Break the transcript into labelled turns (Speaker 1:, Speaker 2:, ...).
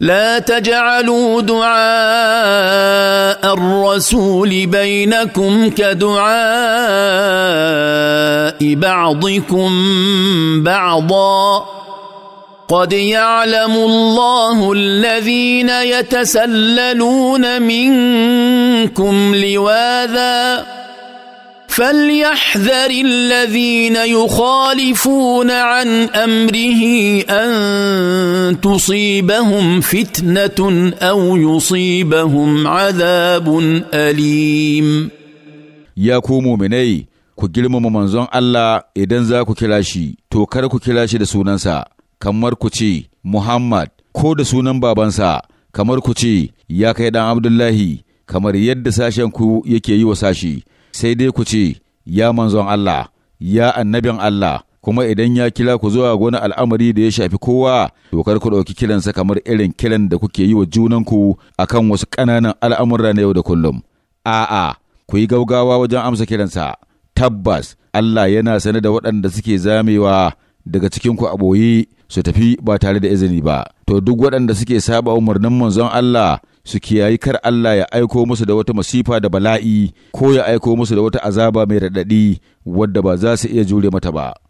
Speaker 1: لا تجعلوا دعاء الرسول بينكم كدعاء بعضكم بعضا قد يعلم الله الذين يتسللون منكم لواذا فليحذر الذين يخالفون عن امره ان تصيبهم
Speaker 2: فتنه او يصيبهم عذاب اليم يا كومو مني ku girmama manzon Allah idan za ku kira shi, to kar ku kira shi da sunansa, kamar ku ce Muhammad ko da sunan babansa, kamar ku ce ya kai dan Abdullahi, kamar yadda sashen ku yake yi wa sashi. sai dai ku ce, Ya manzon Allah, ya annabin Allah, kuma idan ya kira ku zuwa wani al'amari da ya shafi kowa, dokar ku ɗauki kiransa kamar irin kiran da kuke yi wa junanku akan wasu ƙananan al'amura na yau da kullum. A'a, ku yi gaugawa wajen amsa kiransa, tabbas Allah yana sane da waɗanda suke zamewa daga cikinku a ɓoye su tafi ba tare da izini ba. to duk waɗanda suke saba umarnin manzon Allah su kiyayi kar Allah ya aiko musu da wata masifa da bala'i ko ya aiko musu da wata azaba mai raɗaɗi wadda ba za su iya jure mata ba.